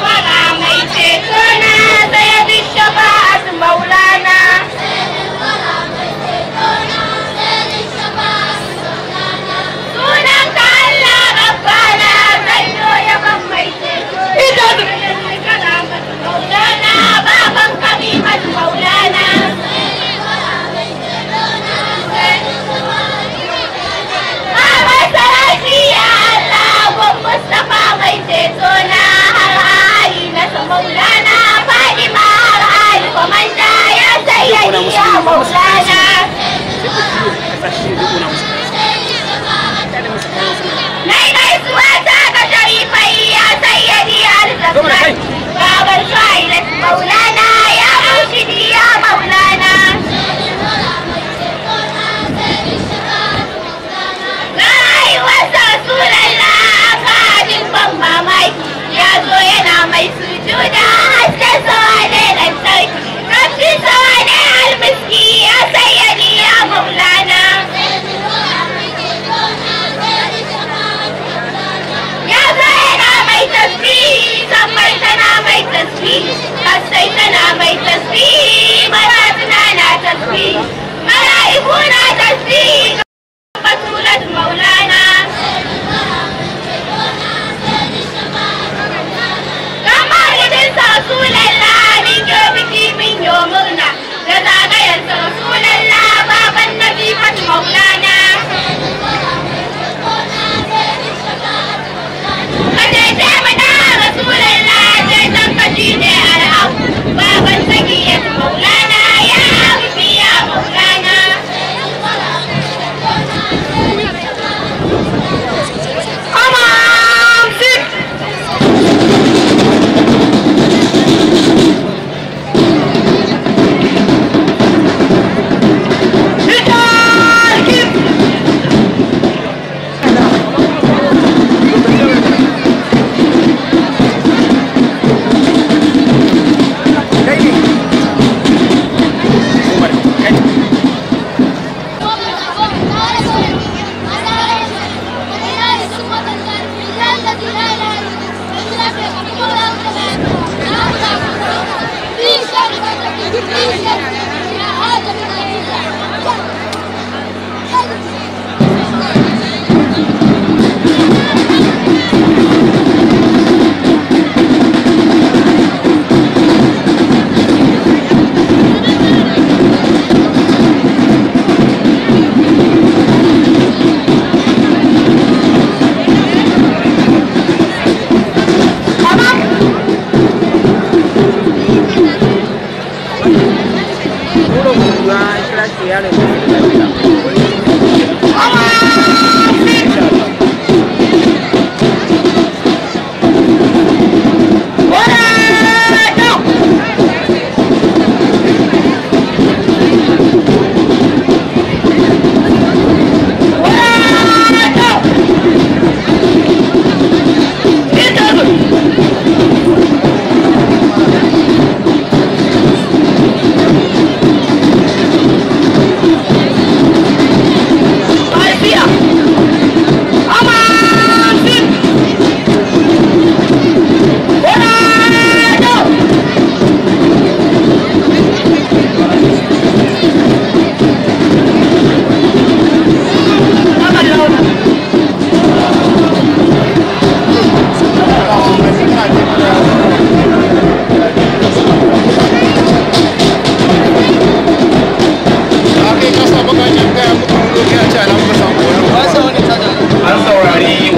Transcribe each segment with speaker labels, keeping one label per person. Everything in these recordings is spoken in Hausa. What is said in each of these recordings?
Speaker 1: mai ceto na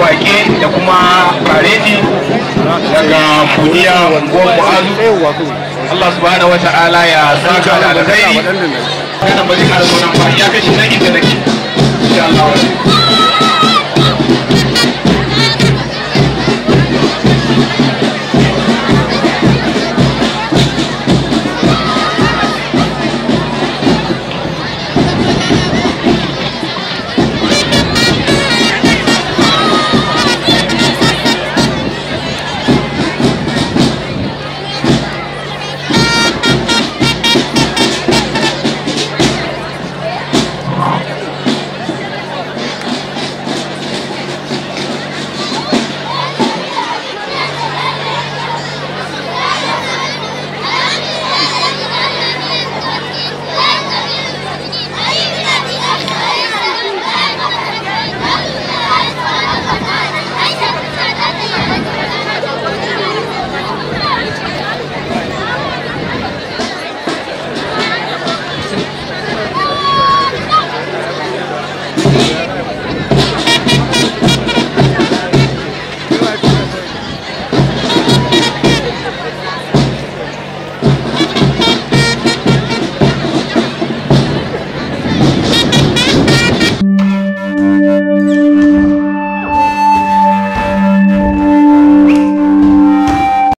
Speaker 1: wake da kuma faredi daga kuniya unguwar mu'azu Allah subhanahu
Speaker 2: wata ala ya saka da alkhairi kana bari ka zo nan ba ya kashi na inda nake insha Allah